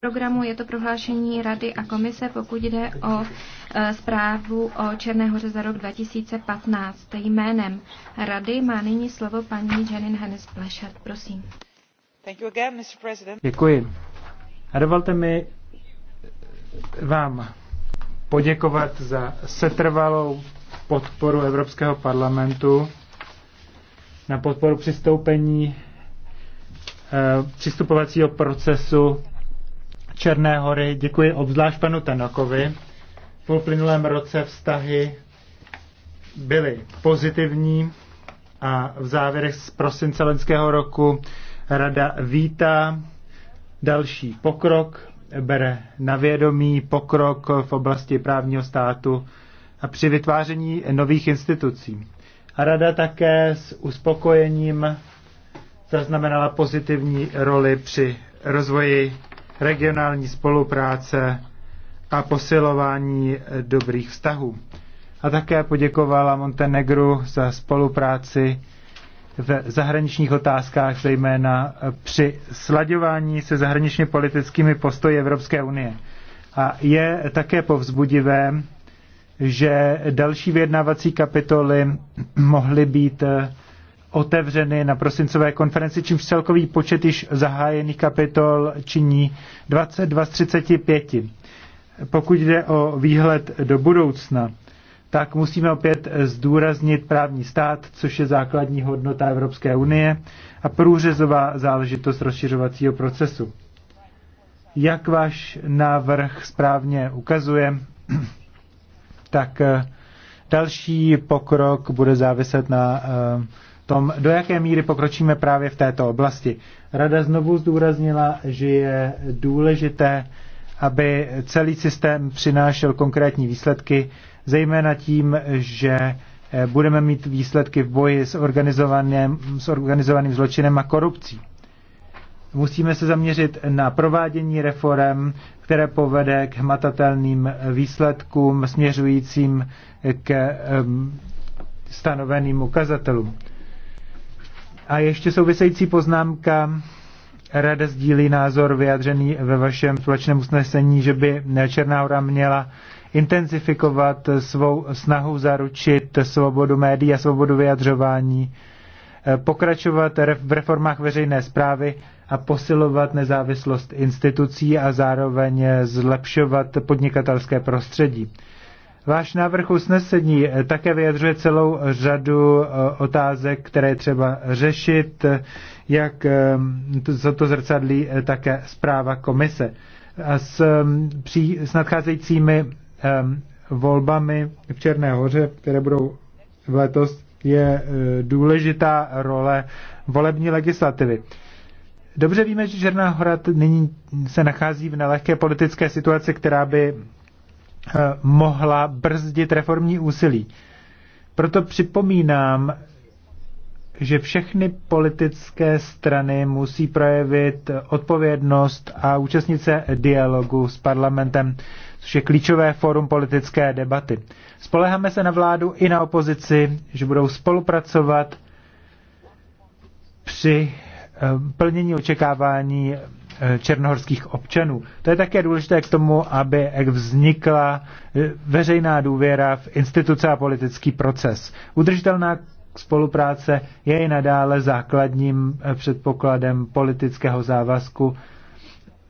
programu je to prohlášení Rady a komise, pokud jde o e, zprávu o Černé hoře za rok 2015. Jménem Rady má nyní slovo paní Janine Hennes Plešert. Prosím. Again, Děkuji. A dovolte mi vám poděkovat za setrvalou podporu Evropského parlamentu na podporu přistoupení e, přistupovacího procesu Černé hory. Děkuji obzvlášť panu Tanakovi. V uplynulém roce vztahy byly pozitivní a v závěrech z prosince loňského roku rada vítá další pokrok, bere na vědomí pokrok v oblasti právního státu a při vytváření nových institucí. A rada také s uspokojením zaznamenala pozitivní roli při rozvoji regionální spolupráce a posilování dobrých vztahů. A také poděkovala Montenegru za spolupráci v zahraničních otázkách, zejména při slaďování se zahraničně politickými postoji Evropské unie. A je také povzbudivé, že další vyjednávací kapitoly mohly být otevřeny na prosincové konferenci, čímž celkový počet již zahájených kapitol činí 22 z 35. Pokud jde o výhled do budoucna, tak musíme opět zdůraznit právní stát, což je základní hodnota Evropské unie a průřezová záležitost rozšiřovacího procesu. Jak váš návrh správně ukazuje, tak eh, další pokrok bude záviset na eh, tom, do jaké míry pokročíme právě v této oblasti. Rada znovu zdůraznila, že je důležité, aby celý systém přinášel konkrétní výsledky, zejména tím, že eh, budeme mít výsledky v boji s organizovaným, s organizovaným zločinem a korupcí. Musíme se zaměřit na provádění reform, které povede k hmatatelným výsledkům směřujícím k eh, stanoveným ukazatelům. A ještě související poznámka. Rada sdílí názor vyjádřený ve vašem společném usnesení, že by Černá hora měla intenzifikovat svou snahu zaručit svobodu médií a svobodu vyjadřování, pokračovat v reformách veřejné zprávy a posilovat nezávislost institucí a zároveň zlepšovat podnikatelské prostředí. Váš návrh usnesení eh, také vyjadřuje celou řadu eh, otázek, které třeba řešit, eh, jak za to zrcadlí také zpráva komise. A s, mm, při, s nadcházejícími volbami v Černé hoře, které budou v letos, je důležitá role volební legislativy. Dobře víme, že Černá hora nyní se nachází v nelehké politické situaci, která by Eh, mohla brzdit reformní úsilí. Proto připomínám, že všechny politické strany musí projevit odpovědnost a účastnit se dialogu s parlamentem, což je klíčové fórum politické debaty. Spoleháme se na vládu i na opozici, že budou spolupracovat při eh, plnění očekávání Eh, černohorských občanů. To je také důležité k tomu, aby vznikla eh, veřejná důvěra v instituce a politický proces. Udržitelná spolupráce je i nadále základním eh, předpokladem politického závazku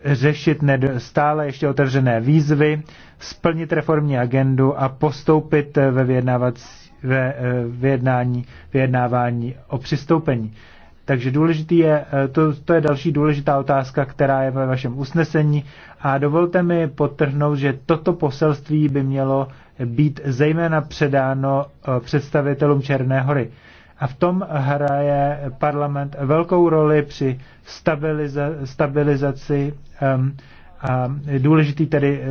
řešit stále ještě otevřené výzvy, splnit reformní agendu a postoupit ve, vyjednávací, ve vyjednávání o přistoupení. Takže důležitý je, eh, to, to je další důležitá otázka, která je ve vašem usnesení. A dovolte mi podtrhnout, že toto poselství by mělo být zejména předáno eh, představitelům Černé hory. A v tom hraje parlament velkou roli při stabiliza- stabilizaci. Um, a důležitý tedy eh,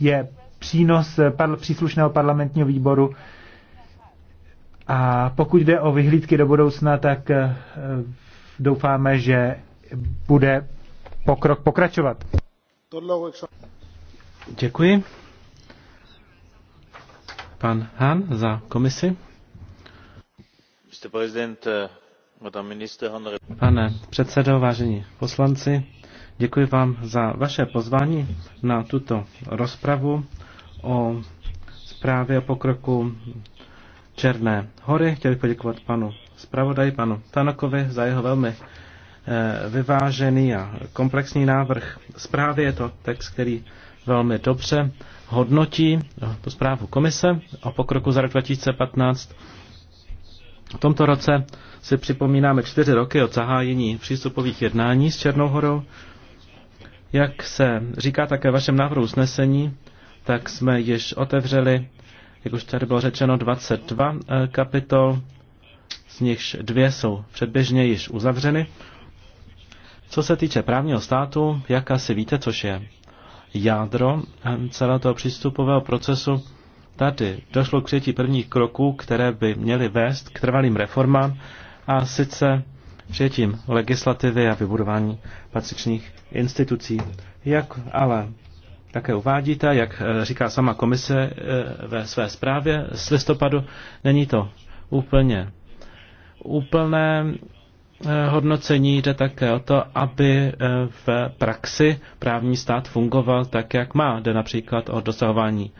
je přínos par- příslušného parlamentního výboru a pokud jde o vyhlídky do budoucna, tak eh, doufáme, že bude pokrok pokračovat. Děkuji. Pan Han za komisi. Eh, Pane předsedo, vážení poslanci, děkuji vám za vaše pozvání na tuto rozpravu o zprávě o pokroku Černé hory. Chtěl bych poděkovat panu zpravodaji, panu Tanokovi, za jeho velmi eh, vyvážený a komplexní návrh zprávy. Je to text, který velmi dobře hodnotí eh, tu zprávu komise o pokroku za rok 2015. V tomto roce si připomínáme čtyři roky od zahájení přístupových jednání s Černou horou. Jak se říká také v vašem návrhu usnesení, tak jsme již otevřeli jak už tady bylo řečeno, 22 eh, kapitol, z nichž dvě jsou předběžně již uzavřeny. Co se týče právního státu, jak asi víte, což je jádro eh, celého toho přístupového procesu, tady došlo k přijetí prvních kroků, které by měly vést k trvalým reformám a sice přijetím legislativy a vybudování patřičných institucí. Jak ale také uvádíte, jak eh, říká sama komise eh, ve své zprávě z listopadu, není to úplně úplné eh, hodnocení jde také o to, aby v praxi právní stát fungoval tak, jak má. Jde například o dosahování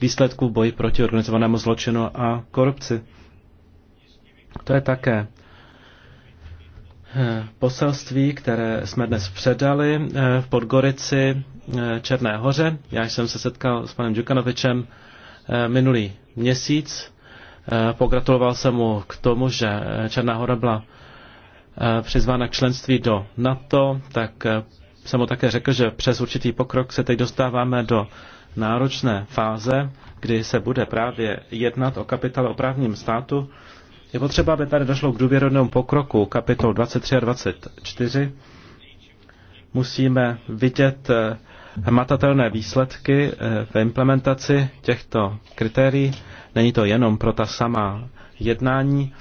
výsledků boji proti organizovanému zločinu a korupci. To je také poselství, které jsme dnes předali v Podgorici Eh, Černé hoře. Já jsem se setkal s panem Djukanovičem eh, minulý měsíc. Eh, pogratuloval jsem mu k tomu, že Černá hora byla přizvána k členství do NATO, tak jsem mu také řekl, že přes určitý pokrok se teď dostáváme do náročné fáze, kdy se bude právě jednat o kapitál o právním státu. Je potřeba, aby tady došlo k důvěrodnému pokroku kapitol 23 a 24. Musíme vidět hmatatelné výsledky eh, v implementaci těchto kritérií. Není to jenom pro ta samá jednání,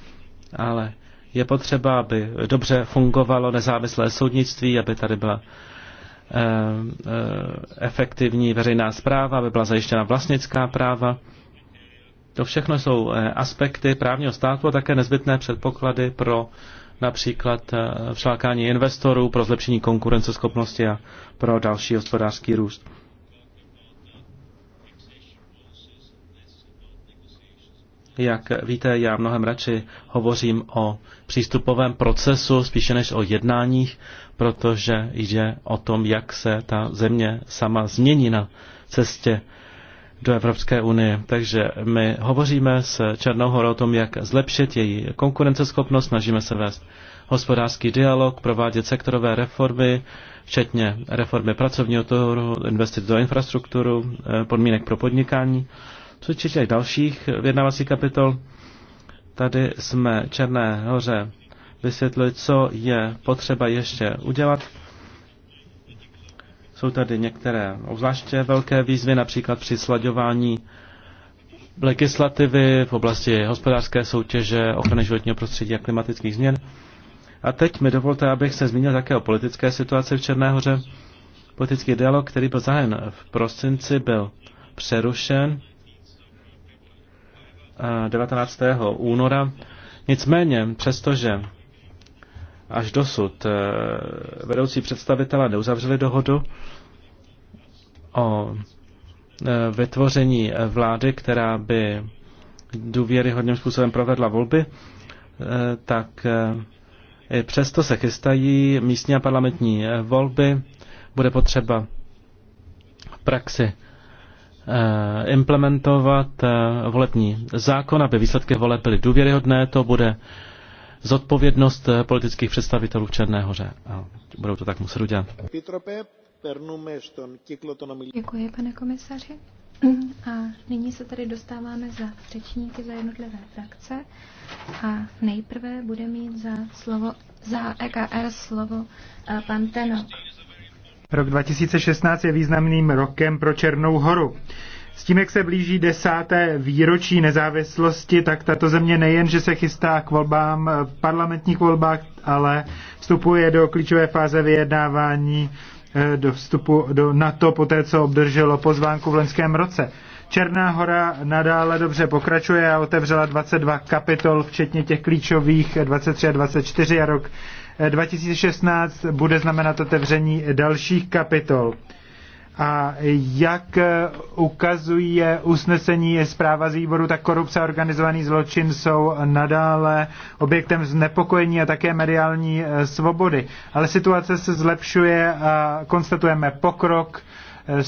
ale je potřeba, aby dobře fungovalo nezávislé soudnictví, aby tady byla eh, eh, efektivní veřejná zpráva, aby byla zajištěna vlastnická práva. To všechno jsou aspekty právního státu a také nezbytné předpoklady pro například eh, přilákání investorů pro zlepšení konkurenceschopnosti a pro další hospodářský růst. Jak víte, já mnohem radši hovořím o přístupovém procesu spíše než o jednáních, protože jde o tom, jak se ta země sama změní na cestě do Evropské unie. Takže my hovoříme s Černou horou o tom, jak zlepšit její konkurenceschopnost, snažíme se vést hospodářský dialog, provádět sektorové reformy, včetně reformy pracovního trhu, investit do infrastrukturu, eh, podmínek pro podnikání, co těch dalších vyjednávacích kapitol. Tady jsme Černé hoře vysvětlili, co je potřeba ještě udělat jsou tady některé obzvláště velké výzvy, například při sladěvání legislativy v oblasti hospodářské soutěže, ochrany životního prostředí a klimatických změn. A teď mi dovolte, abych se zmínil také o politické situaci v Černé hoře. Politický dialog, který byl zahájen v prosinci, byl přerušen 19. Eh, února. Nicméně, přestože až dosud eh, vedoucí představitelé neuzavřeli dohodu, o e, vytvoření vlády, která by důvěryhodným způsobem provedla volby, e, tak e, přesto se chystají místní a parlamentní volby. Bude potřeba v praxi implementovat volební zákon, aby výsledky voleb byly důvěryhodné. To bude zodpovědnost politických představitelů v Černé hoře. budou to tak muset udělat. Děkuji, pane komisaři. A nyní se tady dostáváme za řečníky za jednotlivé frakce. A nejprve bude mít za, slovo, za EKR slovo eh, pan Tenok. Rok 2016 je významným rokem pro Černou horu. S tím, jak se blíží desáté výročí nezávislosti, tak tato země nejen, že se chystá k volbám, parlamentních volbách, ale vstupuje do klíčové fáze vyjednávání Eh, do vstupu do NATO poté, co obdrželo pozvánku v loňském roce. Černá hora nadále dobře pokračuje a otevřela 22 kapitol, včetně těch klíčových 23 a 24 a rok 2016 eh, bude znamenat otevření dalších kapitol. A jak eh, ukazuje usnesení zpráva z výboru, tak korupce a organizovaný zločin jsou nadále objektem znepokojení a také mediální eh, svobody. Ale situace se zlepšuje a konstatujeme pokrok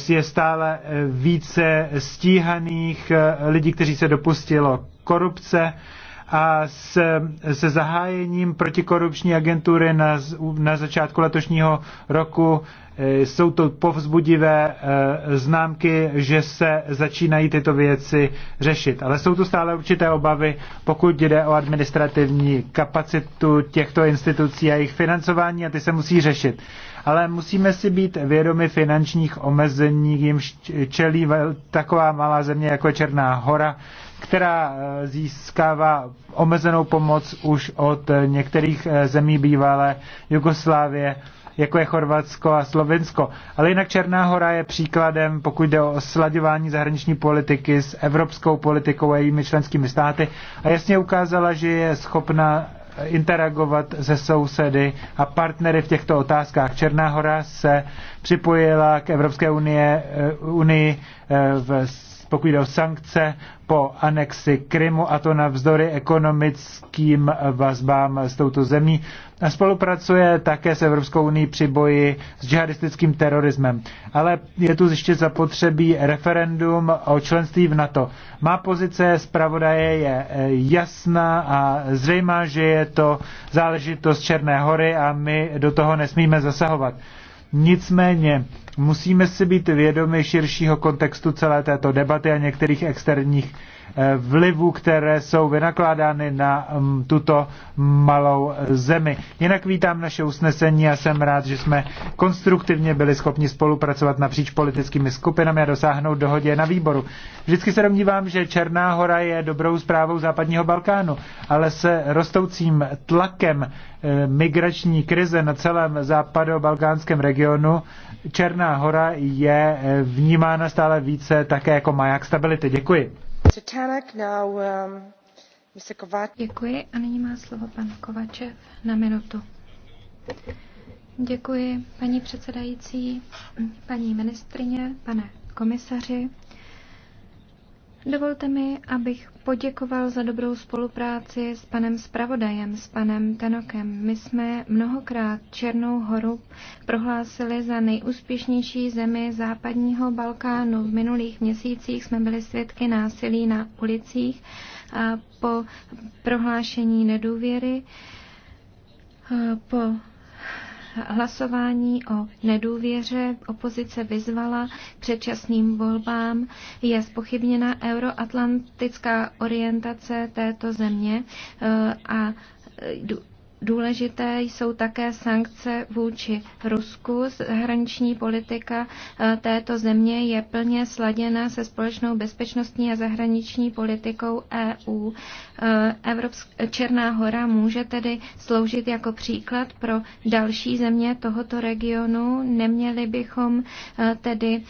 eh, je stále více stíhaných lidí, kteří se dopustilo korupce a se, se zahájením protikorupční agentury na, na začátku letošního roku Eh, jsou to povzbudivé eh, známky, že se začínají tyto věci řešit. Ale jsou tu stále určité obavy, pokud jde o administrativní kapacitu těchto institucí a jejich financování a ty se musí řešit. Ale musíme si být vědomi finančních omezení, jim čelí taková malá země jako Černá hora, která eh, získává omezenou pomoc už od některých zemí bývalé Jugoslávie jako je Chorvatsko a Slovinsko. Ale jinak Černá hora je příkladem, pokud jde o slaďování zahraniční politiky s evropskou politikou a jejími členskými státy a jasně ukázala, že je schopna interagovat se sousedy a partnery v těchto otázkách. Černá hora se připojila k Evropské unie, eh, unii eh, v pokud jde o sankce po anexi Krymu a to navzdory ekonomickým vazbám s touto zemí. A spolupracuje také s Evropskou unii při boji s džihadistickým terorismem. Ale je tu ještě zapotřebí referendum o členství v NATO. Má pozice zpravodaje je eh, jasná a zřejmá, že je to záležitost Černé hory a my do toho nesmíme zasahovat. Nicméně Musíme si být vědomi širšího kontextu celé této debaty a některých externích eh, vlivů, které jsou vynakládány na mm, tuto malou eh, zemi. Jinak vítám naše usnesení a jsem rád, že jsme konstruktivně byli schopni spolupracovat napříč politickými skupinami a dosáhnout dohodě na výboru. Vždycky se domnívám, že Černá hora je dobrou zprávou západního Balkánu, ale se rostoucím tlakem eh, migrační krize na celém západobalkánském regionu Černá Černá hora je eh, vnímána stále více také jako maják stability. Děkuji. Um, Děkuji a nyní má slovo pan Kovačev na minutu. Děkuji, paní předsedající, paní ministrině, pane komisaři. Dovolte mi, abych poděkoval za dobrou spolupráci s panem Spravodajem, s panem Tenokem. My jsme mnohokrát Černou horu prohlásili za nejúspěšnější zemi západního Balkánu. V minulých měsících jsme byli svědky násilí na ulicích a po prohlášení nedůvěry, po hlasování o nedůvěře opozice vyzvala předčasným volbám. Je spochybněna euroatlantická orientace této země eh, a eh, Důležité jsou také sankce vůči Rusku. Zahraniční politika eh, této země je plně sladěna se společnou bezpečnostní a zahraniční politikou EU. Eh, Evropsk- Černá hora může tedy sloužit jako příklad pro další země tohoto regionu. Neměli bychom eh, tedy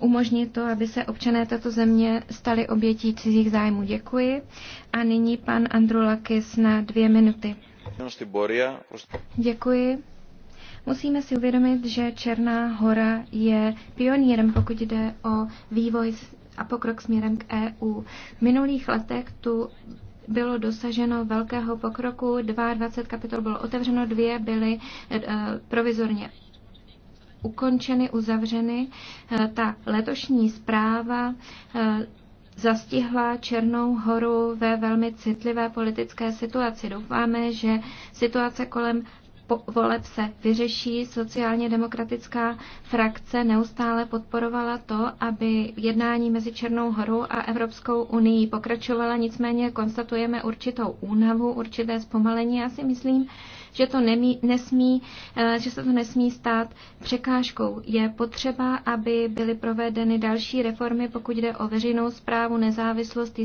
umožnit to, aby se občané této země stali obětí cizích zájmů. Děkuji. A nyní pan Andrulakis na dvě minuty. Děkuji. Musíme si uvědomit, že Černá hora je pionýrem, pokud jde o vývoj a pokrok směrem k EU. V minulých letech tu bylo dosaženo velkého pokroku, 22 kapitol bylo otevřeno, dvě byly eh, provizorně ukončeny, uzavřeny. Eh, ta letošní zpráva eh, zastihla Černou horu ve velmi citlivé politické situaci. Doufáme, že situace kolem voleb se vyřeší. Sociálně demokratická frakce neustále podporovala to, aby jednání mezi Černou horou a Evropskou unii pokračovala, nicméně konstatujeme určitou únavu, určité zpomalení. Já si myslím, že, to nemí, nesmí, eh, že se to nesmí stát překážkou. Je potřeba, aby byly provedeny další reformy, pokud jde o veřejnou zprávu, nezávislost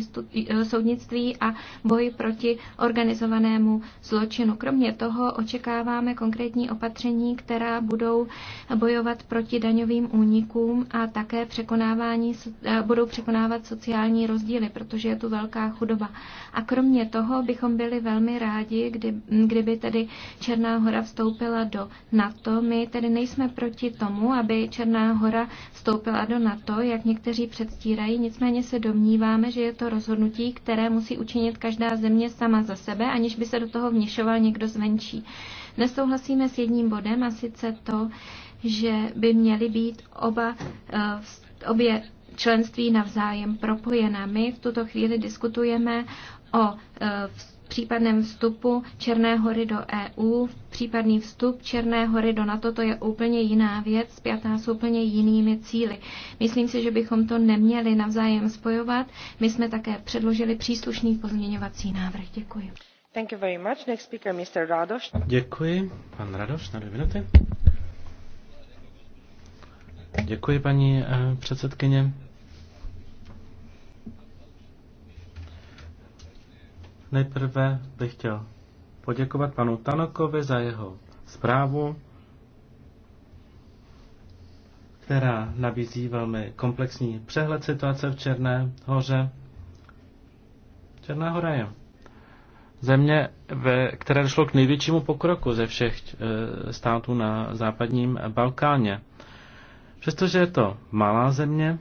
eh, soudnictví a boj proti organizovanému zločinu. Kromě toho očekáváme konkrétní opatření, která budou bojovat proti daňovým únikům a také překonávání, eh, budou překonávat sociální rozdíly, protože je tu velká chudoba. A kromě toho bychom byli velmi rádi, kdy, kdyby tedy Černá hora vstoupila do NATO. My tedy nejsme proti tomu, aby Černá hora vstoupila do NATO, jak někteří předstírají, nicméně se domníváme, že je to rozhodnutí, které musí učinit každá země sama za sebe, aniž by se do toho vněšoval někdo zvenčí. Nesouhlasíme s jedním bodem, a sice to, že by měly být oba, eh, obě členství navzájem propojená. My v tuto chvíli diskutujeme o vstupu eh, případném vstupu Černé hory do EU, případný vstup Černé hory do NATO, to je úplně jiná věc, zpětá s úplně jinými cíly. Myslím si, že bychom to neměli navzájem spojovat. My jsme také předložili příslušný pozměňovací návrh. Děkuji. Thank you very much. Next speaker, Mr. Radoš. Děkuji. Pan Radoš na dvě minuty. Děkuji, paní eh, předsedkyně. Nejprve bych chtěl poděkovat panu Tanokovi za jeho zprávu, která nabízí velmi komplexní přehled situace v Černé hoře. Černá hora je země, ve které došlo k největšímu pokroku ze všech eh, států na západním Balkáně. Přestože je to malá země,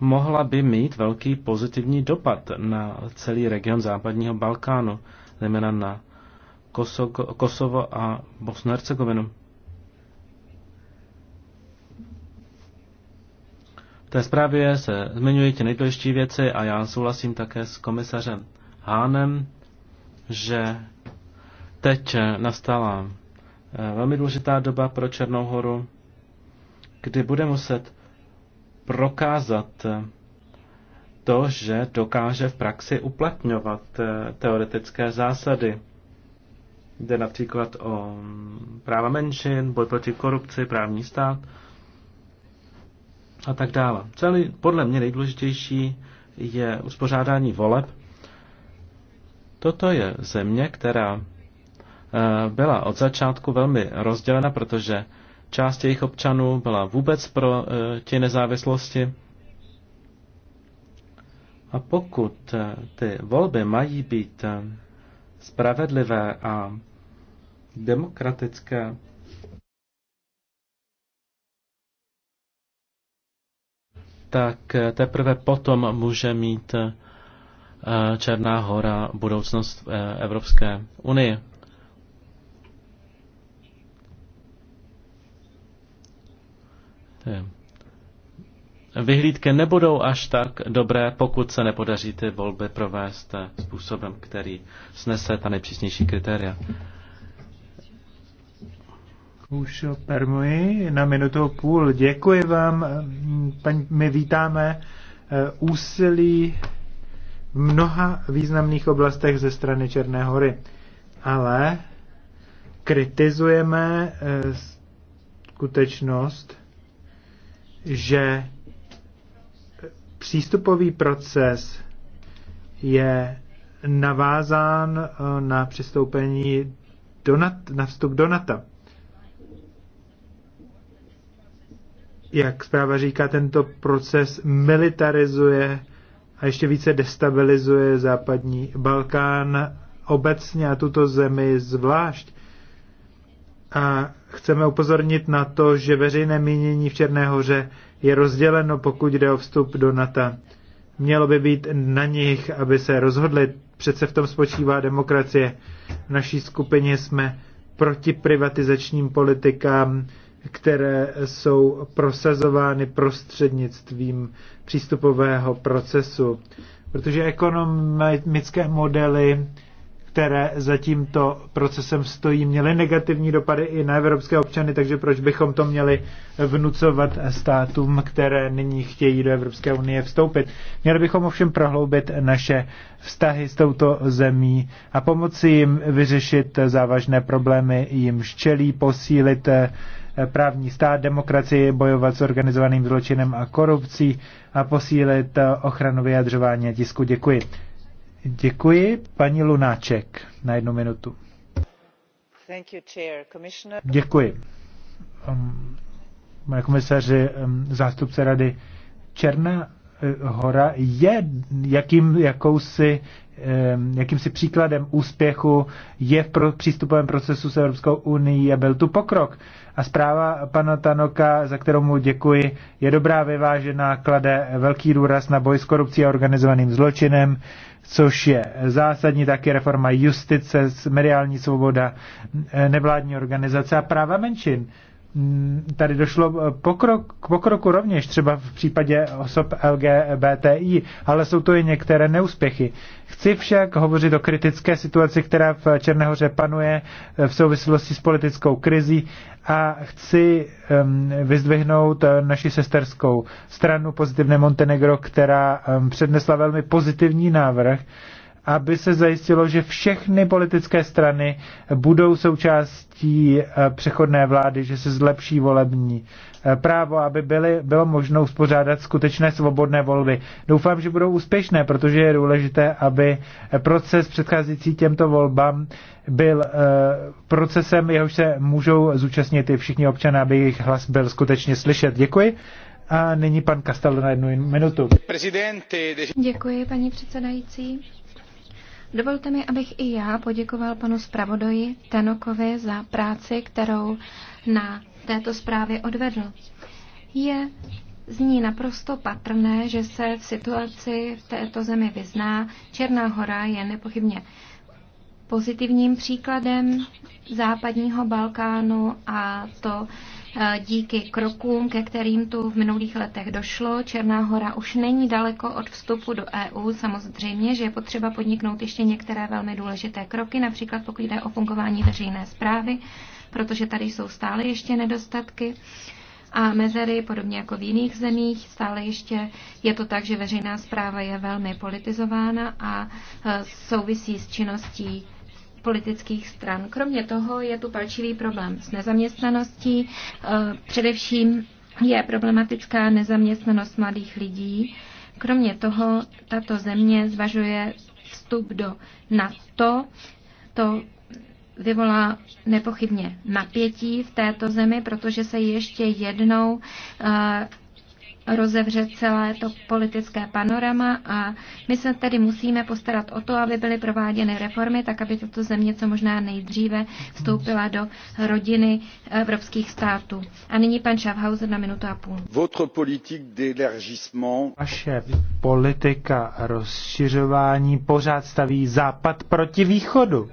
mohla by mít velký pozitivní dopad na celý region západního Balkánu, zejména na Kosovo a Bosnu Hercegovinu. V té zprávě se zmiňují ty nejdůležitější věci a já souhlasím také s komisařem Hánem, že teď nastala eh, velmi důležitá doba pro Černou horu, kdy bude muset prokázat to, že dokáže v praxi uplatňovat eh, teoretické zásady. Jde například o mm, práva menšin, boj proti korupci, právní stát a tak dále. Celý, podle mě nejdůležitější je uspořádání voleb. Toto je země, která eh, byla od začátku velmi rozdělena, protože část jejich občanů byla vůbec pro eh, ti nezávislosti. A pokud eh, ty volby mají být eh, spravedlivé a demokratické, tak teprve potom může mít Černá hora budoucnost Evropské unie. vyhlídky nebudou až tak dobré, pokud se nepodaří ty volby provést způsobem, který snese ta nejpřísnější kritéria. Už permuji na minutu půl. Děkuji vám. my vítáme eh, úsilí v mnoha významných oblastech ze strany Černé hory. Ale kritizujeme eh, skutečnost, že přístupový proces je navázán eh, na přistoupení do nat, na vstup do NATO. Jak zpráva říká, tento proces militarizuje a ještě více destabilizuje západní Balkán obecně a tuto zemi zvlášť. A chceme upozornit na to, že veřejné mínění v Černé hoře je rozděleno, pokud jde o vstup do NATO. Mělo by být na nich, aby se rozhodli. Přece v tom spočívá demokracie. V naší skupině jsme proti privatizačním politikám, které jsou prosazovány prostřednictvím přístupového procesu. Protože ekonomické modely které za tímto procesem stojí, měly negativní dopady i na evropské občany, takže proč bychom to měli vnucovat státům, které nyní chtějí do Evropské unie vstoupit. Měli bychom ovšem prohloubit naše vztahy s touto zemí a pomoci jim vyřešit závažné problémy, jim ščelí, posílit eh, právní stát, demokracii, bojovat s organizovaným zločinem a korupcí a posílit eh, ochranu vyjadřování a tisku. Děkuji. Děkuji, paní Lunáček, na jednu minutu. Děkuji. Um, pane komisaři, um, zástupce rady, Černá eh, hora je jakým, jakousi, jakýmsi příkladem úspěchu je v pro, přístupovém procesu s Evropskou unii a byl tu pokrok. A zpráva pana Tanoka, za kterou mu děkuji, je dobrá, vyvážená, klade velký důraz na boj s korupcí a organizovaným zločinem, což je zásadní taky reforma justice, mediální svoboda, nevládní organizace a práva menšin. Mm, tady došlo eh, pokrok, k pokroku rovněž, třeba v případě osob LGBTI, ale jsou to i některé neúspěchy. Chci však hovořit o kritické situaci, která v Černéhoře panuje eh, v souvislosti s politickou krizí a chci um, vyzdvihnout eh, naši sesterskou stranu Pozitivné Montenegro, která um, přednesla velmi pozitivní návrh, aby se zajistilo, že všechny politické strany budou součástí eh, přechodné vlády, že se zlepší volební eh, právo, aby byly, bylo možno uspořádat skutečné svobodné volby. Doufám, že budou úspěšné, protože je důležité, aby eh, proces předcházející těmto volbám byl procesem, jehož se můžou zúčastnit i všichni občané, aby jejich hlas byl skutečně slyšet. Děkuji. A nyní pan Kastel na jednu minutu. Děkuji, paní předsedající. Dovolte mi, abych i já poděkoval panu zpravodoji Tenokovi za práci, kterou na této zprávě odvedl. Je z ní naprosto patrné, že se v situaci v této zemi vyzná. Černá hora je nepochybně pozitivním příkladem západního Balkánu a to Eh, díky krokům, ke kterým tu v minulých letech došlo, Černá hora už není daleko od vstupu do EU. Samozřejmě, že je potřeba podniknout ještě některé velmi důležité kroky, například pokud jde o fungování veřejné zprávy, protože tady jsou stále ještě nedostatky a mezery, podobně jako v jiných zemích. Stále ještě je to tak, že veřejná zpráva je velmi politizována a eh, souvisí s činností politických stran. Kromě toho je tu palčivý problém s nezaměstnaností. Eh, především je problematická nezaměstnanost mladých lidí. Kromě toho tato země zvažuje vstup do NATO. To vyvolá nepochybně napětí v této zemi, protože se ještě jednou eh, rozevře celé to politické panorama a my se tedy musíme postarat o to, aby byly prováděny reformy, tak aby tato země co možná nejdříve vstoupila do rodiny evropských států. A nyní pan Schaffhauser na minutu a půl. Vaše politika rozšiřování pořád staví západ proti východu.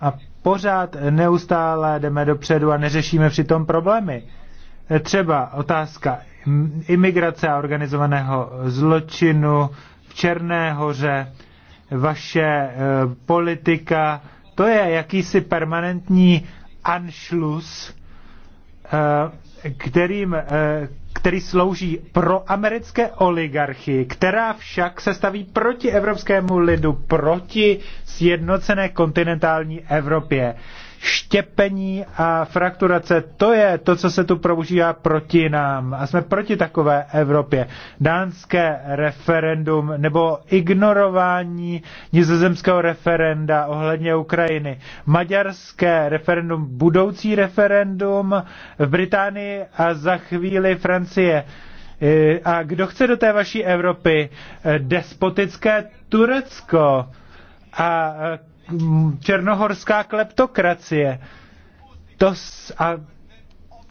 A pořád neustále jdeme dopředu a neřešíme přitom problémy třeba otázka imigrace a organizovaného zločinu v Černé hoře, vaše e, politika, to je jakýsi permanentní anšlus, e, kterým, e, který slouží pro americké oligarchii, která však se staví proti evropskému lidu, proti sjednocené kontinentální Evropě štěpení a frakturace, to je to, co se tu prožívá proti nám. A jsme proti takové Evropě. Dánské referendum nebo ignorování nizozemského referenda ohledně Ukrajiny. Maďarské referendum, budoucí referendum v Británii a za chvíli Francie. E, a kdo chce do té vaší Evropy? E, despotické Turecko a černohorská kleptokracie. To a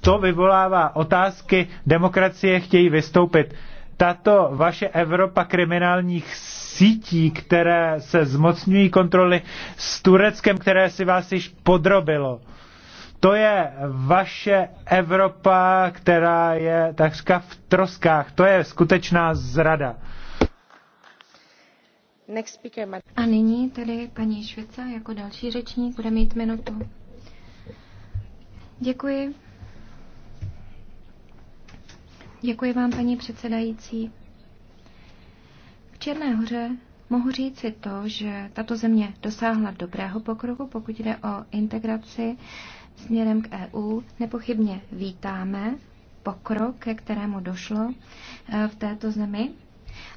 to vyvolává otázky, demokracie chtějí vystoupit. Tato vaše Evropa kriminálních sítí, které se zmocňují kontroly s Tureckem, které si vás již podrobilo. To je vaše Evropa, která je takřka v troskách. To je skutečná zrada. Speaker, A nyní tedy paní Švica jako další řečník bude mít minutu. Děkuji. Děkuji vám, paní předsedající. V Černé hoře mohu říci to, že tato země dosáhla dobrého pokroku, pokud jde o integraci směrem k EU. Nepochybně vítáme pokrok, ke kterému došlo eh, v této zemi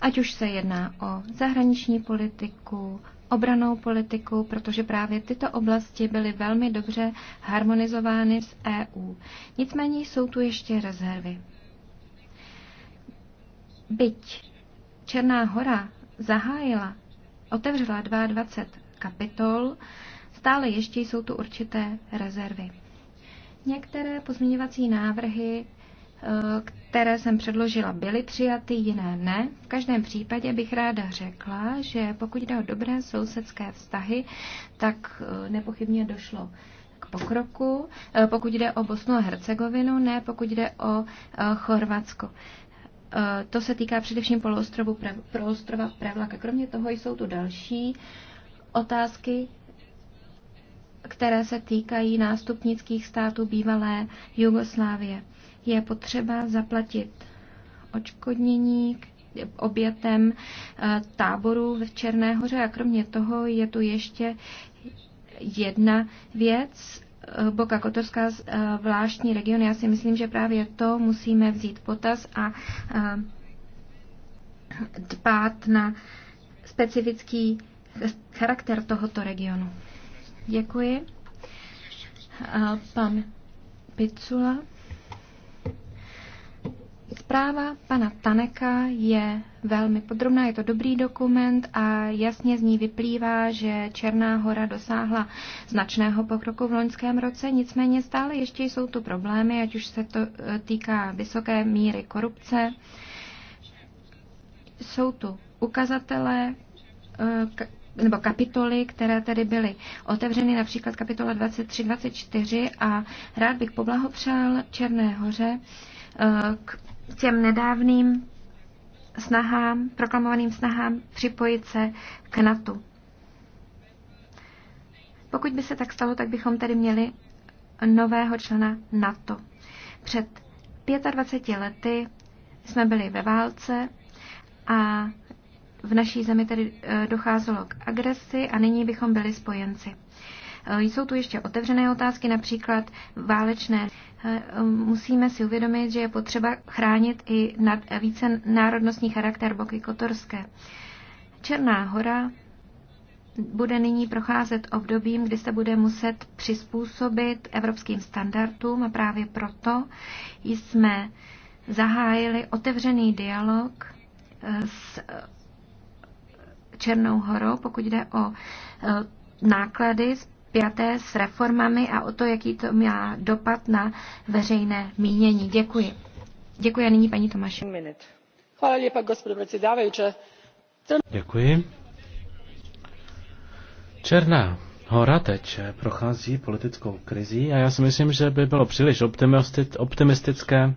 ať už se jedná o zahraniční politiku, obranou politiku, protože právě tyto oblasti byly velmi dobře harmonizovány s EU. Nicméně jsou tu ještě rezervy. Byť Černá hora zahájila, otevřela 22 kapitol, stále ještě jsou tu určité rezervy. Některé pozměňovací návrhy které jsem předložila, byly přijaty, jiné ne. V každém případě bych ráda řekla, že pokud jde o dobré sousedské vztahy, tak eh, nepochybně došlo k pokroku. Eh, pokud jde o Bosnu a Hercegovinu, ne, pokud jde o eh, Chorvatsko. To se týká především poloostrova Prav, Prevlaka. Kromě toho jsou tu další otázky, které se týkají nástupnických států bývalé Jugoslávie je potřeba zaplatit očkodnění obětem eh, táboru v Černé hoře a kromě toho je tu ještě jedna věc, eh, Boka Kotorská eh, vláštní region. Já si myslím, že právě to musíme vzít potaz a dbát na specifický charakter tohoto regionu. Děkuji. Pan Picula. Zpráva pana Taneka je velmi podrobná, je to dobrý dokument a jasně z ní vyplývá, že Černá hora dosáhla značného pokroku v loňském roce, nicméně stále ještě jsou tu problémy, ať už se to eh, týká vysoké míry korupce. Jsou tu ukazatele, eh, nebo kapitoly, které tedy byly otevřeny, například kapitola 23-24 a rád bych poblahopřál Černé hoře eh, k těm nedávným snahám, proklamovaným snahám připojit se k NATO. Pokud by se tak stalo, tak bychom tedy měli nového člena NATO. Před 25 lety jsme byli ve válce a v naší zemi tedy eh, docházelo k agresi a nyní bychom byli spojenci. Eh, jsou tu ještě otevřené otázky, například válečné. Eh, musíme si uvědomit, že je potřeba chránit i nad, více národnostní charakter Boky Kotorské. Černá hora bude nyní procházet obdobím, kdy se bude muset přizpůsobit evropským standardům a právě proto jsme zahájili otevřený dialog eh, s Černou horou, pokud jde o náklady spjaté s reformami a o to, jaký to má dopad na veřejné mínění. Děkuji. Děkuji a nyní paní Tomáši. Děkuji. Černá hora teď prochází politickou krizí a já si myslím, že by bylo příliš optimistické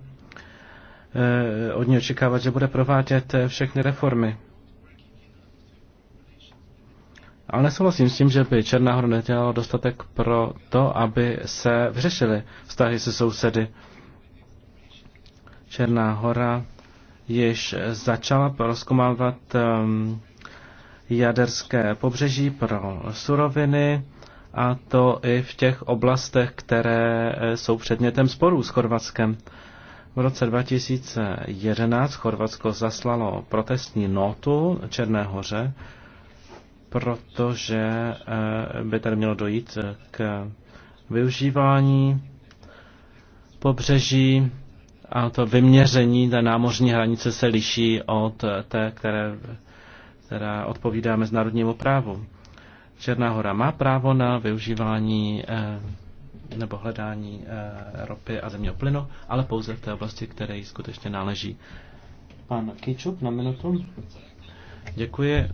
eh, od ní očekávat, že bude provádět eh, všechny reformy. Ale nesouhlasím s tím, že by Černá hora nedělala dostatek pro to, aby se vyřešily vztahy se sousedy. Černá hora již začala proskomávat um, ehm, jaderské pobřeží pro suroviny a to i v těch oblastech, které eh, jsou předmětem sporů s Chorvatskem. V roce 2011 Chorvatsko zaslalo protestní notu Černé hoře, protože eh, by tady mělo dojít k využívání pobřeží a to vyměření té námořní hranice se liší od té, které, která odpovídá mezinárodnímu právu. Černá hora má právo na využívání eh, nebo hledání eh, ropy a zemního plynu, ale pouze v té oblasti, které jí skutečně náleží. Pan Kičup na minutu. Děkuji, eh,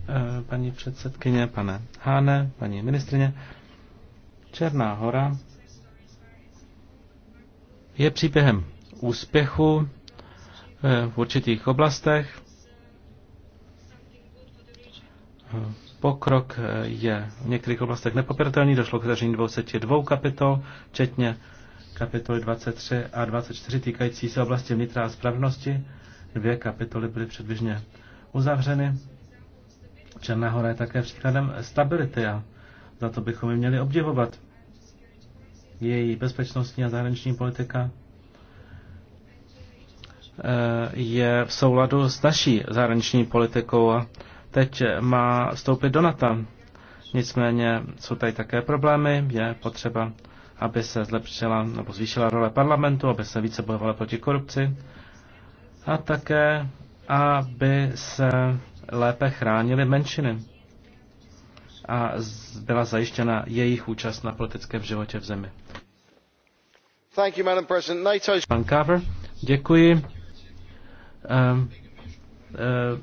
paní předsedkyně, pane Háne, paní ministrině. Černá hora je příběhem úspěchu eh, v určitých oblastech. Pokrok eh, je v některých oblastech nepopiratelný. Došlo k zařízení 22 kapitol, včetně kapitoly 23 a 24 týkající se oblasti vnitra a spravnosti. Dvě kapitoly byly předběžně uzavřeny. Černá hora je také příkladem stability a za to bychom ji měli obdivovat. Její bezpečnostní a zahraniční politika eh, je v souladu s naší zahraniční politikou a teď má vstoupit do NATO. Nicméně jsou tady také problémy, je potřeba, aby se zlepšila nebo zvýšila role parlamentu, aby se více bojovala proti korupci a také, aby se lépe chránili menšiny a byla zajištěna jejich účast na politickém životě v zemi. Thank you, Madam President. Pan Carver, děkuji. Um, uh,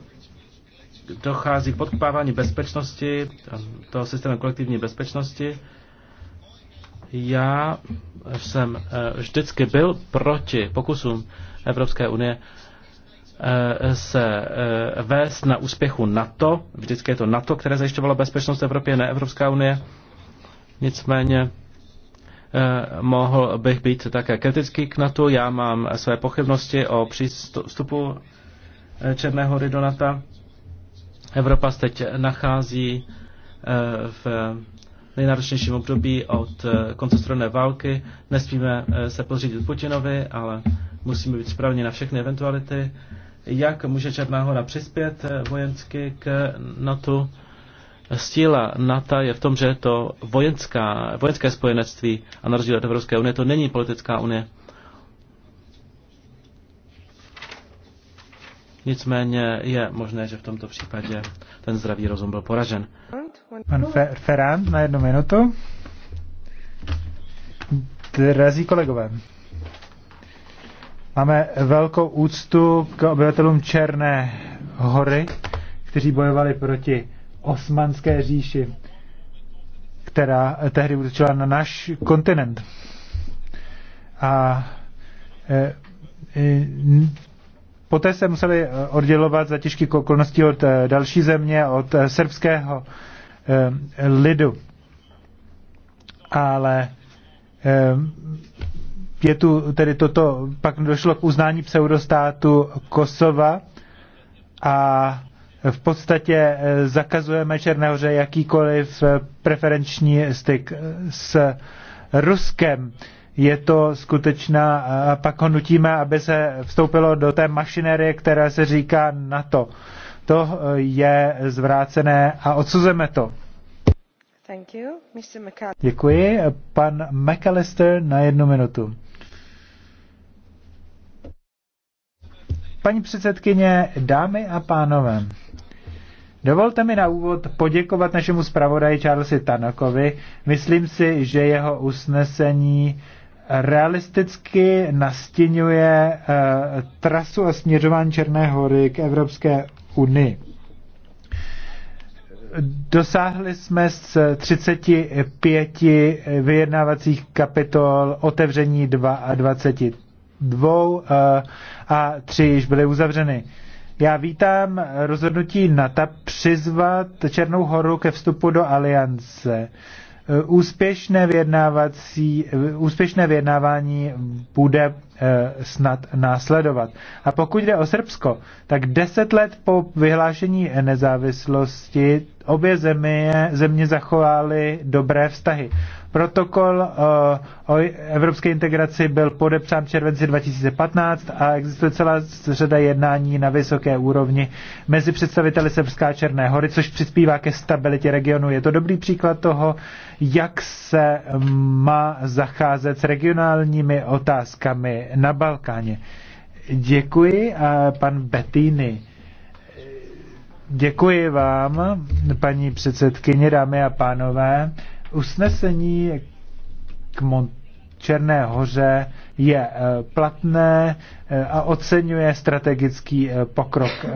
dochází k podkupávání bezpečnosti, ehm, toho systému kolektivní bezpečnosti. Já jsem vždycky byl proti pokusům Evropské unie Eh, se eh, vést na úspěchu NATO. Vždycky je to NATO, které zajišťovalo bezpečnost Evropě, ne Evropská unie. Nicméně eh, mohl bych být také kritický k NATO. Já mám své pochybnosti o přístupu Černé hory do NATO. Evropa se teď nachází v nejnáročnějším období od konce války. Nesmíme se podřídit Putinovi, ale musíme být správně na všechny eventuality jak může Černá hora přispět eh, vojensky k NATO. Stíla NATO je v tom, že je to vojenská, vojenské spojenectví a na rozdíl od Evropské unie to není politická unie. Nicméně je možné, že v tomto případě ten zdravý rozum byl poražen. Pan Fer- Ferán na jednu minutu. Drazí kolegové, Máme velkou úctu k obyvatelům Černé hory, kteří bojovali proti osmanské říši, která tehdy útočila na náš kontinent. A e, e, poté se museli e, oddělovat za těžký okolností od další země, od srbského lidu. Ale je tu tedy toto, pak došlo k uznání pseudostátu Kosova a v podstatě eh, zakazujeme Černéhoře jakýkoliv eh, preferenční styk eh, s Ruskem. Je to skutečná, a pak ho nutíme, aby se vstoupilo do té mašinerie, která se říká NATO. To je zvrácené a odsuzeme to. Thank you. Mr. Děkuji. Pan McAllister na jednu minutu. Paní předsedkyně, dámy a pánové, Dovolte mi na úvod poděkovat našemu zpravodaji Charlesi Tanokovi. Myslím si, že jeho usnesení realisticky nastěňuje uh, eh, trasu a směřování Černé hory k Evropské unii. Dosáhli jsme z 35 vyjednávacích kapitol otevření 22 dvou eh, a tři již byly uzavřeny. Já vítám rozhodnutí NATO přizvat Černou horu ke vstupu do aliance. Eh, úspěšné, eh, úspěšné vyjednávání bude Eh, snad následovat. A pokud jde o Srbsko, tak deset let po vyhlášení nezávislosti obě země, země zachovaly dobré vztahy. Protokol uh, o evropské integraci byl podepsán v červenci 2015 a existuje celá řada jednání na vysoké úrovni mezi představiteli Srbská a Černé hory, což přispívá ke stabilitě regionu. Je to dobrý příklad toho, jak se má zacházet s regionálními otázkami na Balkáně. Děkuji a pan Betýny. Děkuji vám, paní předsedkyně, dámy a pánové. Usnesení k Mont- Černé hoře je eh, platné eh, a oceňuje strategický eh, pokrok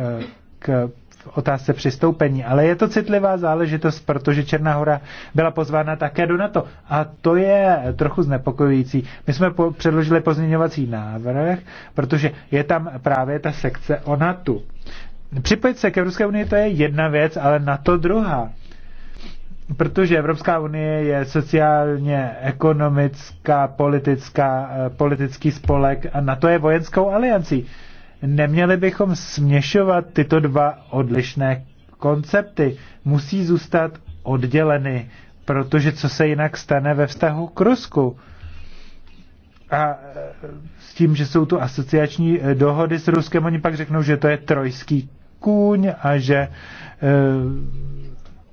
k v otázce přistoupení. Ale je to citlivá záležitost, protože Černá hora byla pozvána také do NATO. A to je trochu znepokojující. My jsme po- předložili pozměňovací návrh, protože je tam právě ta sekce o NATO. Připojit se k Evropské unii to je jedna věc, ale NATO druhá protože Evropská unie je sociálně, ekonomická, politická, eh, politický spolek a na to je vojenskou aliancí. Neměli bychom směšovat tyto dva odlišné koncepty. Musí zůstat odděleny, protože co se jinak stane ve vztahu k Rusku? A e, s tím, že jsou tu asociační e, dohody s Ruskem, oni pak řeknou, že to je trojský kůň a že e,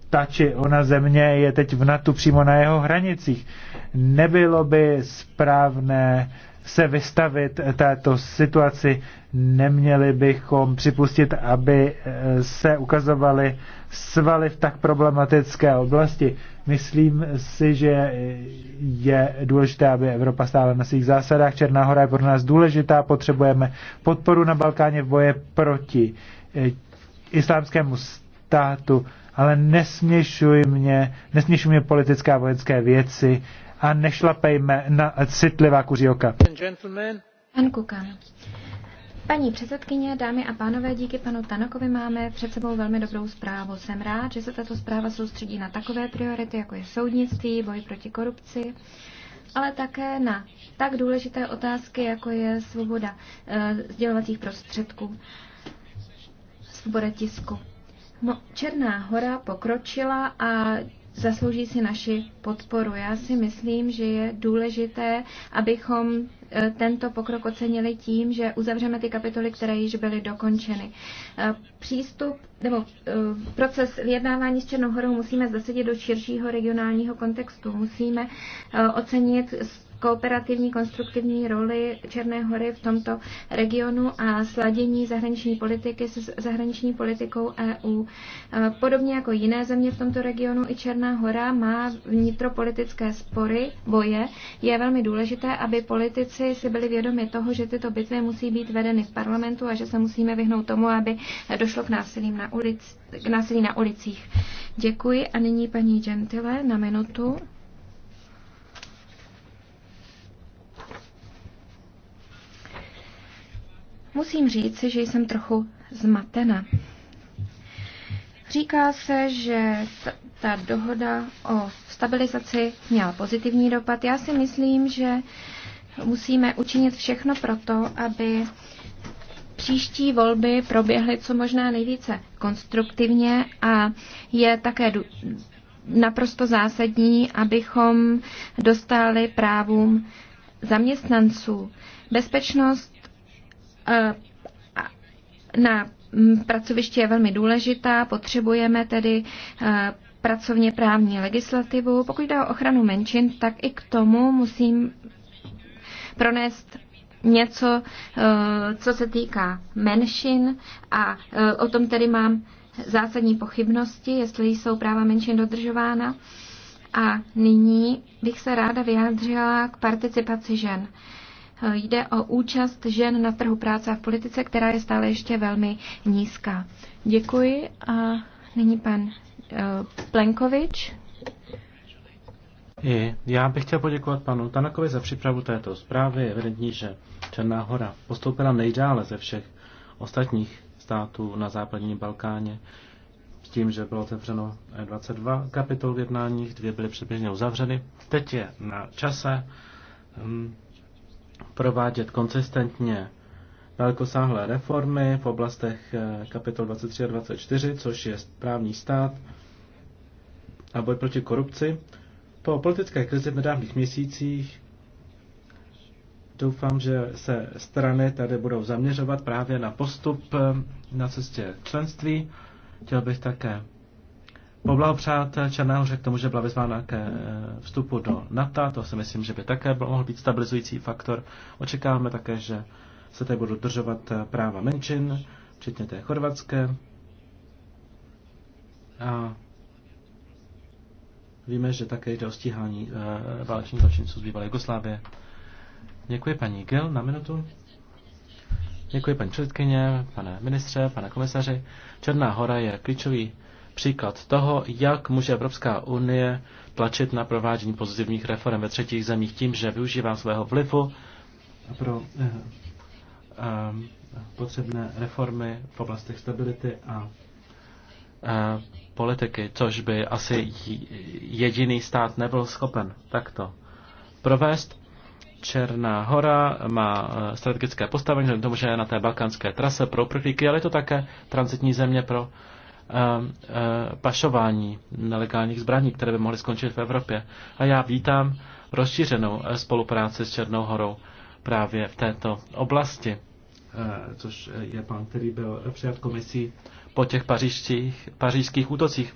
ta či ona země je teď v NATO přímo na jeho hranicích. Nebylo by správné se vystavit této situaci. Neměli bychom připustit, aby eh, se ukazovaly svaly v tak problematické oblasti. Myslím si, že eh, je důležité, aby Evropa stála na svých zásadách. Černá hora je pro nás důležitá, potřebujeme podporu na Balkáně v boje proti eh, islámskému státu, ale nesměšuj mě, nesměšuj mě politické a vojenské věci a nešlapejme na citlivá kuří oka. Paní předsedkyně, dámy a pánové, díky panu Tanokovi máme před sebou velmi dobrou zprávu. Jsem rád, že se tato zpráva soustředí na takové priority, jako je soudnictví, boj proti korupci, ale také na tak důležité otázky, jako je svoboda e, sdělovacích prostředků, svoboda tisku. Mo- no, Černá hora pokročila a zaslouží si naši podporu. Já si myslím, že je důležité, abychom e, tento pokrok ocenili tím, že uzavřeme ty kapitoly, které již byly dokončeny. E, přístup nebo e, proces vyjednávání s Černou horou musíme zasadit do širšího regionálního kontextu. Musíme ocenit kooperativní konstruktivní roli Černé hory v tomto regionu a sladění zahraniční politiky s zahraniční politikou EU. E, podobně jako jiné země v tomto regionu, i Černá hora má vnitropolitické spory, boje. Je velmi důležité, aby politici si byli vědomi toho, že tyto bitvy musí být vedeny v parlamentu a že se musíme vyhnout tomu, aby došlo k, násilím na ulic, k násilí na ulicích. Děkuji a nyní paní Gentile na minutu. Musím říct, že jsem trochu zmatena. Říká se, že ta dohoda o stabilizaci měla pozitivní dopad. Já si myslím, že musíme učinit všechno pro to, aby příští volby proběhly co možná nejvíce konstruktivně a je také naprosto zásadní, abychom dostali právům zaměstnanců. Bezpečnost Eh, na mm, pracovišti je velmi důležitá, potřebujeme tedy eh, pracovně právní legislativu. Pokud jde o ochranu menšin, tak i k tomu musím pronést něco, eh, co se týká menšin a o tom tedy mám zásadní pochybnosti, jestli jsou práva menšin dodržována. A nyní bych se ráda vyjádřila k participaci žen. Eh, jde o účast žen na trhu práce a v politice, která je stále ještě velmi nízká. Děkuji a nyní pan eh, Plenkovič. já bych chtěl poděkovat panu Tanakovi za přípravu této zprávy. Je evidentní, že Černá hora postoupila nejdále ze všech ostatních států na západním Balkáně s tím, že bylo otevřeno 22 e kapitol v jednáních, dvě byly předběžně uzavřeny. Teď je na čase hm, provádět konsistentně velkosáhlé reformy v oblastech eh, kapitol 23 a 24, což je právní stát a boj proti korupci. Po politické krizi v nedávných měsících doufám, že se strany tady budou zaměřovat právě na postup eh, na cestě členství. Chtěl bych také poblahopřát Černého k tomu, že byla vyzvána ke eh, vstupu do NATO. To si myslím, že by také mohl být stabilizující faktor. Očekáváme také, že se tady budou držovat eh, práva menšin, včetně té chorvatské. A víme, že také jde o stíhání eh, válečných zločinců z bývalé Jugoslávie. Děkuji paní Gil na minutu. Děkuji paní předsedkyně, pane ministře, pane komisaři. Černá hora je klíčový příklad toho, jak může Evropská unie tlačit na provádění pozitivních reform ve třetích zemích tím, že využívá svého vlivu pro eh, eh, potřebné reformy v oblastech stability a eh, politiky, což by asi jediný stát nebyl schopen takto provést. Černá hora má eh, strategické postavení, k tomu, že je na té balkánské trase pro uprchlíky, ale je to také transitní země pro pašování nelegálních zbraní, které by mohly skončit v Evropě. A já vítám rozšířenou spolupráci s Černou horou právě v této oblasti, což je pan, který byl přijat komisí po těch pařížských útocích.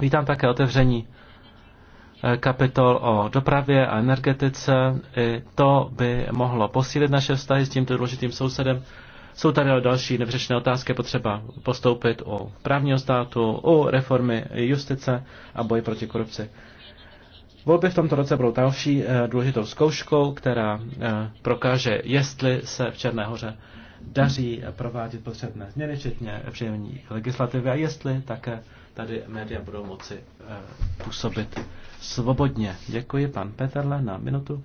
Vítám také otevření kapitol o dopravě a energetice. I to by mohlo posílit naše vztahy s tímto důležitým sousedem jsou tady další nevřešené otázky, potřeba postoupit o právního státu, o reformy justice a boji proti korupci. Volby v tomto roce budou další eh, důležitou zkouškou, která eh, prokáže, jestli se v Černé hoře daří provádět potřebné změny, včetně přijemní legislativy a jestli také tady média budou moci eh, působit svobodně. Děkuji pan Peterle na minutu.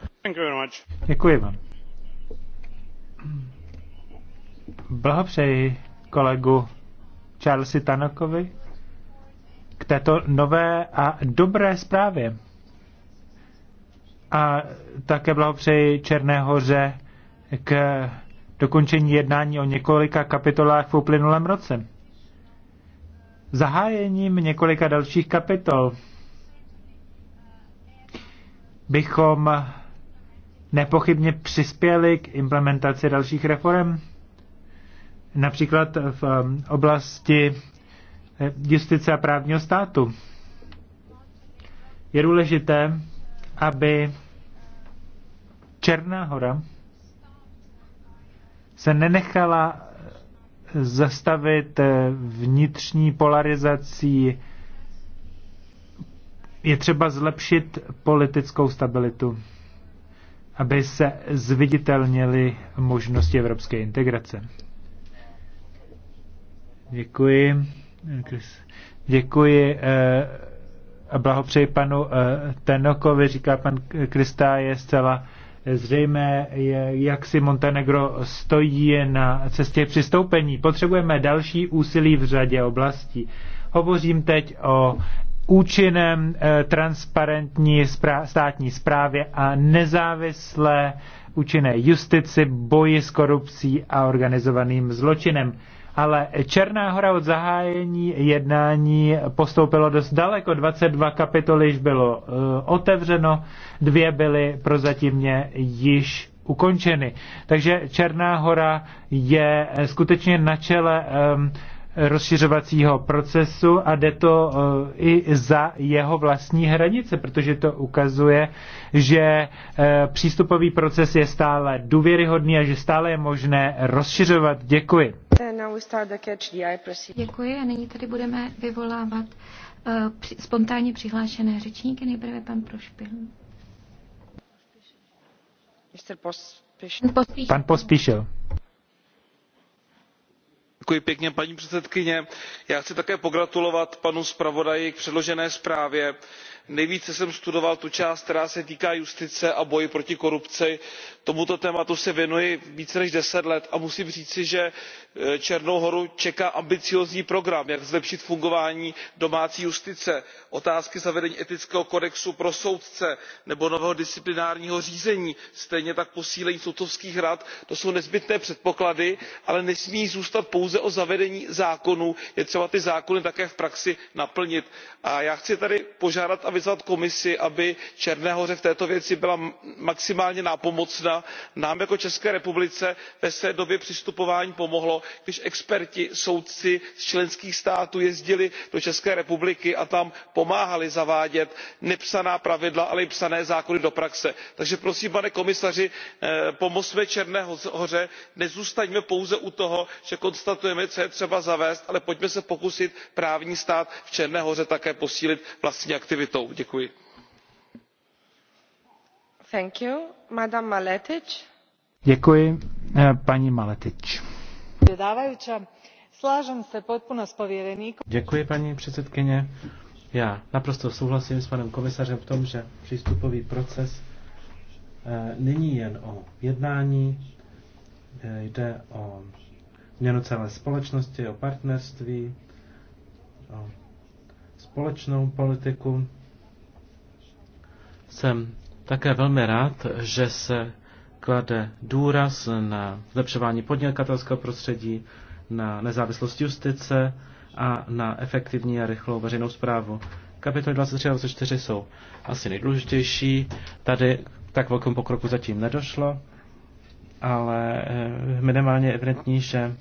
Děkuji vám blahopřeji kolegu Charlesi Tanakovi k této nové a dobré zprávě. A také blahopřeji Černé hoře k dokončení jednání o několika kapitolách v uplynulém roce. Zahájením několika dalších kapitol bychom nepochybně přispěli k implementaci dalších reform například v um, oblasti eh, justice a právního státu. Je důležité, aby Černá hora se nenechala eh, zastavit eh, vnitřní polarizací. Je třeba zlepšit politickou stabilitu, aby se zviditelnily možnosti evropské integrace. Děkuji. Děkuji eh, a blahopřeji panu eh, Tenokovi, říká pan Kristá, je zcela zřejmé, jak si Montenegro stojí na cestě přistoupení. Potřebujeme další úsilí v řadě oblastí. Hovořím teď o účinném eh, transparentní státní správě a nezávislé účinné justici, boji s korupcí a organizovaným zločinem ale Černá hora od zahájení jednání postoupilo dost daleko. 22 kapitol již bylo uh, otevřeno, dvě byly prozatímně již ukončeny. Takže Černá hora je eh, skutečně na čele um, rozšiřovacího procesu a jde to eh, i za jeho vlastní hranice, protože to ukazuje, že přístupový proces je stále důvěryhodný a že stále je možné rozšiřovat. Děkuji. Děkuji a nyní tady budeme vyvolávat uh, spontánně přihlášené řečníky. Nejprve pan Prošpil. Pan Pospíšil. Děkuji pěkně, paní předsedkyně. Já chci také pogratulovat panu zpravodaji k předložené zprávě. Nejvíce jsem studoval tu část, která se týká justice a boje proti korupci tomuto tématu se věnuji více než deset let a musím říci že e, černou horu čeká ambiciózní program jak zlepšit fungování domácí justice otázky zavedení etického kodexu pro soudce nebo nového disciplinárního řízení stejně tak posílení soudcovských rad to jsou nezbytné předpoklady ale nesmí zůstat pouze o zavedení zákonů je třeba ty zákony také v praxi naplnit. a já chci tady požádat a vyzvat komisi aby černé hoře v této věci byla maximálně nápomocna nám jako české republice ve své době přistupování pomohlo když experti soudci z členských států jezdili do české republiky a tam pomáhali zavádět nepsaná pravidla ale i psané zákony do praxe. takže prosím pane komisaři eh, pomozme černé hoře nezůstaňme pouze u toho že konstatujeme co je třeba zavést ale pojďme se pokusit právní stát v černé hoře také posílit vlastní aktivitou. děkuji. Maletič. Děkuji, eh, paní Maletič. se Děkuji, paní předsedkyně. Já naprosto souhlasím s panem komisařem v tom, že přístupový proces eh, není jen o jednání, eh, jde o měnu celé společnosti, o partnerství, o společnou politiku. Jsem také velmi rád, že se klade důraz na zlepšování podnikatelského prostředí, na nezávislost justice a na efektivní a rychlou veřejnou zprávu. Kapitoly 23 a 24 jsou asi nejdůležitější. Tady tak velkému pokroku zatím nedošlo, ale eh, minimálně evidentní, že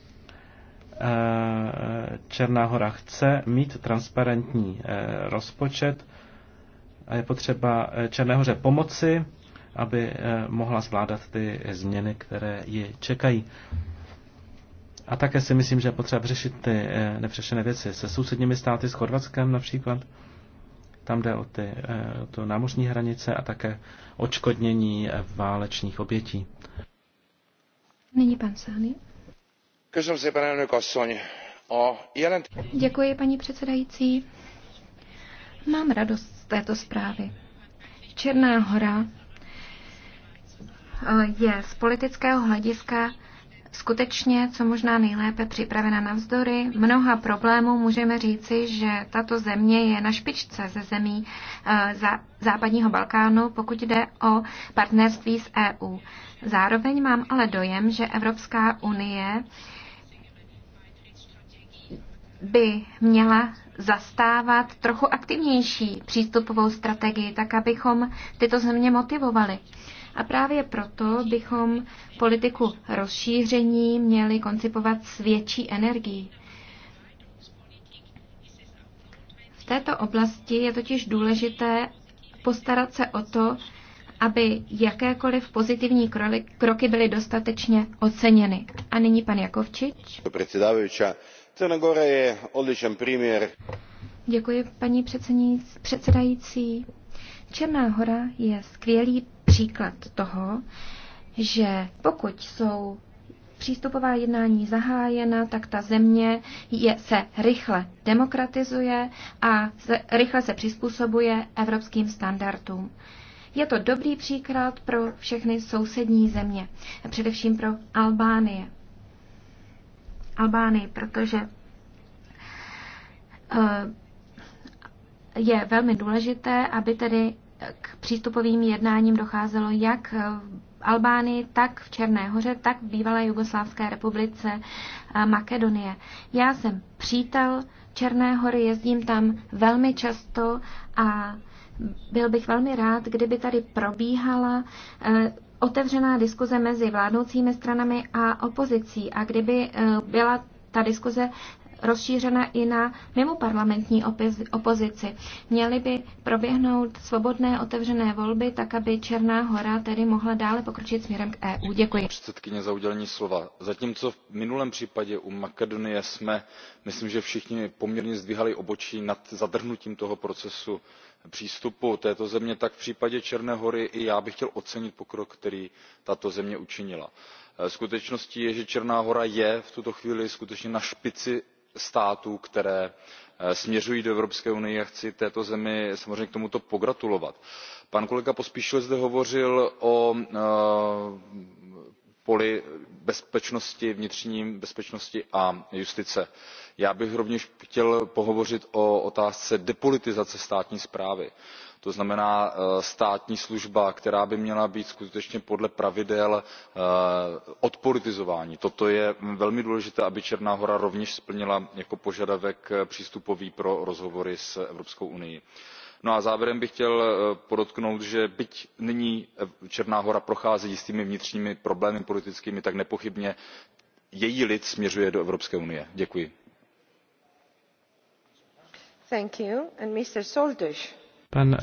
eh, Černá hora chce mít transparentní eh, rozpočet a je potřeba eh, Černéhoře pomoci, aby eh, mohla zvládat ty změny, které ji čekají. A také si myslím, že je potřeba řešit ty eh, nepřešené věci se sousedními státy, s Chorvatskem například. Tam jde o ty o to námořní hranice a také očkodnění válečných obětí. Nyní pan Sány. Děkuji, paní předsedající. Mám radost této zprávy. Černá hora eh, je z politického hlediska skutečně co možná nejlépe připravena na vzdory. mnoha problémů. Můžeme říci, že tato země je na špičce ze zemí eh, západního Balkánu, pokud jde o partnerství s EU. Zároveň mám ale dojem, že Evropská unie by měla zastávat trochu aktivnější přístupovou strategii, tak abychom tyto země motivovali. A právě proto bychom politiku rozšíření měli koncipovat s větší energií. V této oblasti je totiž důležité postarat se o to, aby jakékoliv pozitivní kroky byly dostatečně oceněny. A nyní pan Jakovčič. Předsedající, crna gora je odličan primjer. Děkuji, paní předsedající. Černá hora je skvělý příklad toho, že pokud jsou přístupová jednání zahájena, tak ta země je, se rychle demokratizuje a se, rychle se přizpůsobuje evropským standardům. Je to dobrý příklad pro všechny sousední země, především pro Albánie. Albánii, protože eh, je velmi důležité, aby tedy k přístupovým jednáním docházelo jak v Albánii, tak v Černé hoře, tak v bývalé Jugoslávské republice eh, Makedonie. Já jsem přítel Černé hory, jezdím tam velmi často a byl bych velmi rád, kdyby tady probíhala eh, otevřená diskuze mezi vládnoucími stranami a opozicí a kdyby eh, byla ta diskuze rozšířena i na mimo parlamentní opozici. Měly by proběhnout svobodné otevřené volby, tak aby Černá hora tedy mohla dále pokročit směrem k EU. Děkuji. Předsedkyně za udělení slova. Zatímco v minulém případě u Makedonie jsme, myslím, že všichni poměrně zdvihali obočí nad zadrhnutím toho procesu přístupu této země tak v případě černé hory i já bych chtěl ocenit pokrok který tato země učinila. Eh, skutečností je že černá hora je v tuto chvíli skutečně na špici států které eh, směřují do evropské unie a chci této zemi samozřejmě k tomuto pogratulovat. pan kolega pospíšil zde hovořil o eh, poli bezpečnosti, vnitřní bezpečnosti a justice. já bych rovněž chtěl pohovořit o otázce depolitizace státní správy to znamená eh, státní služba která by měla být skutečně podle pravidel eh, odpolitizována. toto je velmi důležité aby černá hora rovněž splnila jako požadavek přístupový pro rozhovory s evropskou unií no a závěrem bych chtěl eh, podotknout že byť nyní eh, černá hora prochází jistými vnitřními problémy politickými tak nepochybně její lid směřuje do evropské unie. děkuji. Pan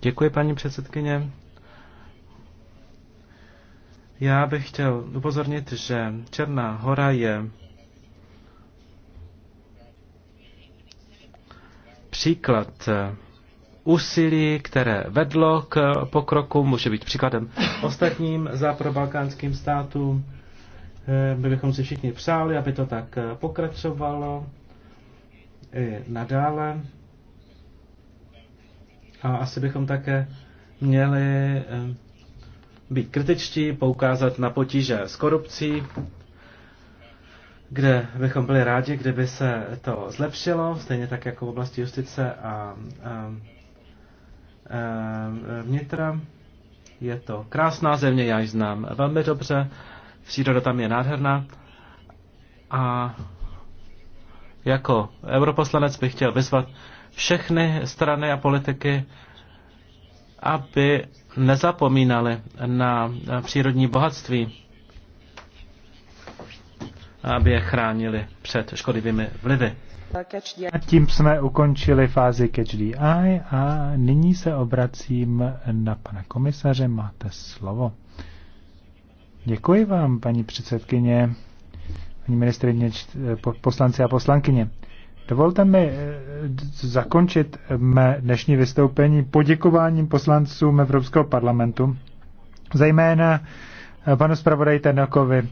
Děkuji, paní předsedkyně. Já bych chtěl upozornit, že Černá hora je příklad eh, úsilí, které vedlo k pokroku, může být příkladem ostatním západobalkánským státům. Eh, my bychom si všichni přáli, aby to tak eh, pokračovalo i nadále. A asi bychom také měli být kritičtí, poukázat na potíže s korupcí, kde bychom byli rádi, kdyby se to zlepšilo, stejně tak jako v oblasti justice a, a vnitra. Je to krásná země, já ji znám velmi dobře, příroda tam je nádherná a jako europoslanec bych chtěl vyzvat všechny strany a politiky, aby nezapomínali na přírodní bohatství aby je chránili před škodlivými vlivy. A tím jsme ukončili fázi Catch the Eye a nyní se obracím na pana komisaře. Máte slovo. Děkuji vám, paní předsedkyně, paní ministrině, poslanci a poslankyně. Dovolte mi eh, zakončit mé dnešní vystoupení poděkováním poslancům Evropského parlamentu, zejména eh, panu zpravodaji Tenokovi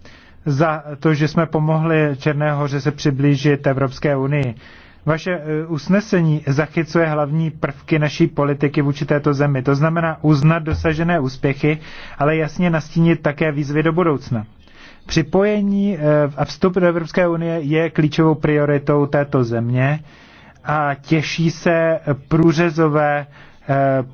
za to, že jsme pomohli Černé hoře se přiblížit Evropské unii. Vaše e, usnesení zachycuje hlavní prvky naší politiky vůči této zemi. To znamená uznat dosažené úspěchy, ale jasně nastínit také výzvy do budoucna. Připojení e, a vstup do Evropské unie je klíčovou prioritou této země a těší se průřezové e,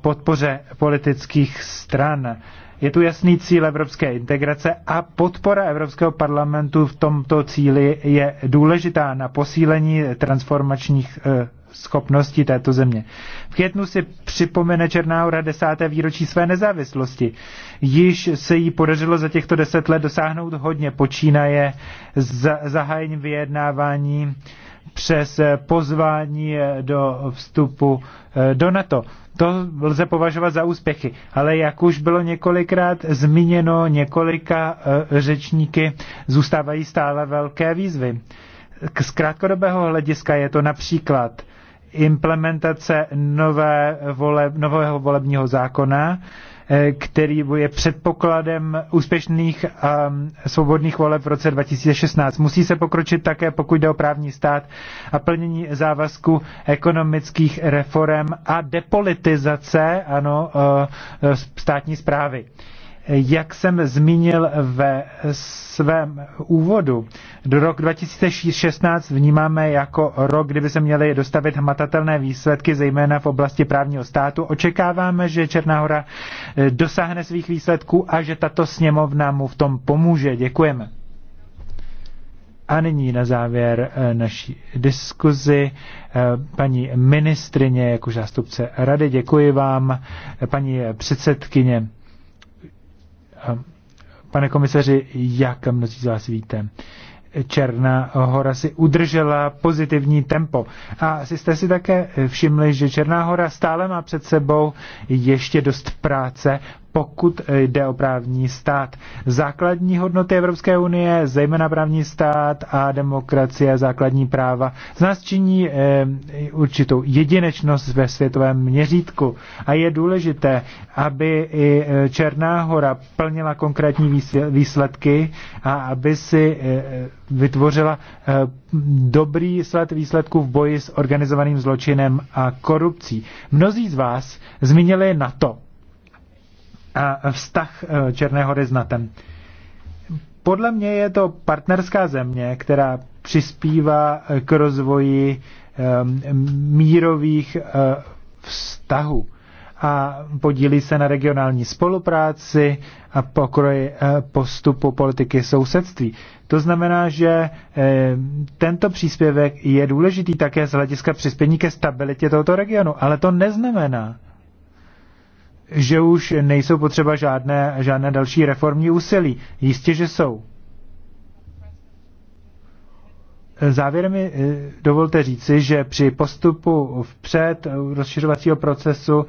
podpoře politických stran. Je tu jasný cíl evropské integrace a podpora Evropského parlamentu v tomto cíli je důležitá na posílení transformačních eh, schopností této země. V květnu si připomene Černá hora desáté výročí své nezávislosti. Již se jí podařilo za těchto deset let dosáhnout hodně, počínaje zahájením vyjednávání přes pozvání do vstupu eh, do NATO. To lze považovat za úspěchy. Ale jak už bylo několikrát zmíněno několika e, řečníky, zůstávají stále velké výzvy. Z krátkodobého hlediska je to například implementace nové vole, nového volebního zákona, Eh, který je předpokladem úspěšných a svobodných voleb v roce 2016. Musí se pokročit také, pokud jde o právní stát a plnění závazku ekonomických reform a depolitizace ano, eh, eh, státní zprávy. Jak jsem zmínil ve svém úvodu, do rok 2016 vnímáme jako rok, kdyby se měly dostavit hmatatelné výsledky, zejména v oblasti právního státu. Očekáváme, že Černá hora eh, dosáhne svých výsledků a že tato sněmovna mu v tom pomůže. Děkujeme. A nyní na závěr eh, naší diskuzi eh, paní ministrině jako zástupce rady. Děkuji vám, paní předsedkyně. Pane komisaři, jak mnozí z vás víte, Černá hora si udržela pozitivní tempo. A asi jste si také všimli, že Černá hora stále má před sebou ještě dost práce, pokud jde o právní stát. Základní hodnoty Evropské unie, zejména právní stát a demokracie, základní práva, z nás činí eh, určitou jedinečnost ve světovém měřítku. A je důležité, aby i eh, Černá hora plnila konkrétní výsledky a aby si eh, vytvořila dobrý sled výsledků v boji s organizovaným zločinem a korupcí. Mnozí z vás zmínili na to a vztah eh, Černé hory s NATO. Podle mě je to partnerská země, která přispívá eh, k rozvoji eh, mírových vztahů a podílí se na regionální spolupráci a pokroji postupu politiky sousedství. To znamená, že tento příspěvek je důležitý také z hlediska přispění ke stabilitě tohoto regionu, ale to neznamená, že už nejsou potřeba žádné, žádné další reformní úsilí. Jistě, že jsou. Závěrem mi eh, dovolte říci, že při postupu vpřed rozšiřovacího procesu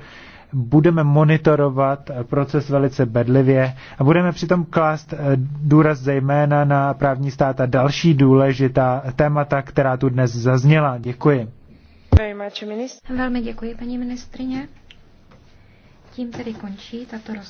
budeme monitorovat proces velice bedlivě a budeme přitom klást eh, důraz zejména na právní stát a další důležitá témata, která tu dnes zazněla. Děkuji. Velmi děkuji, paní ministrině tím tedy končí tato rozprava.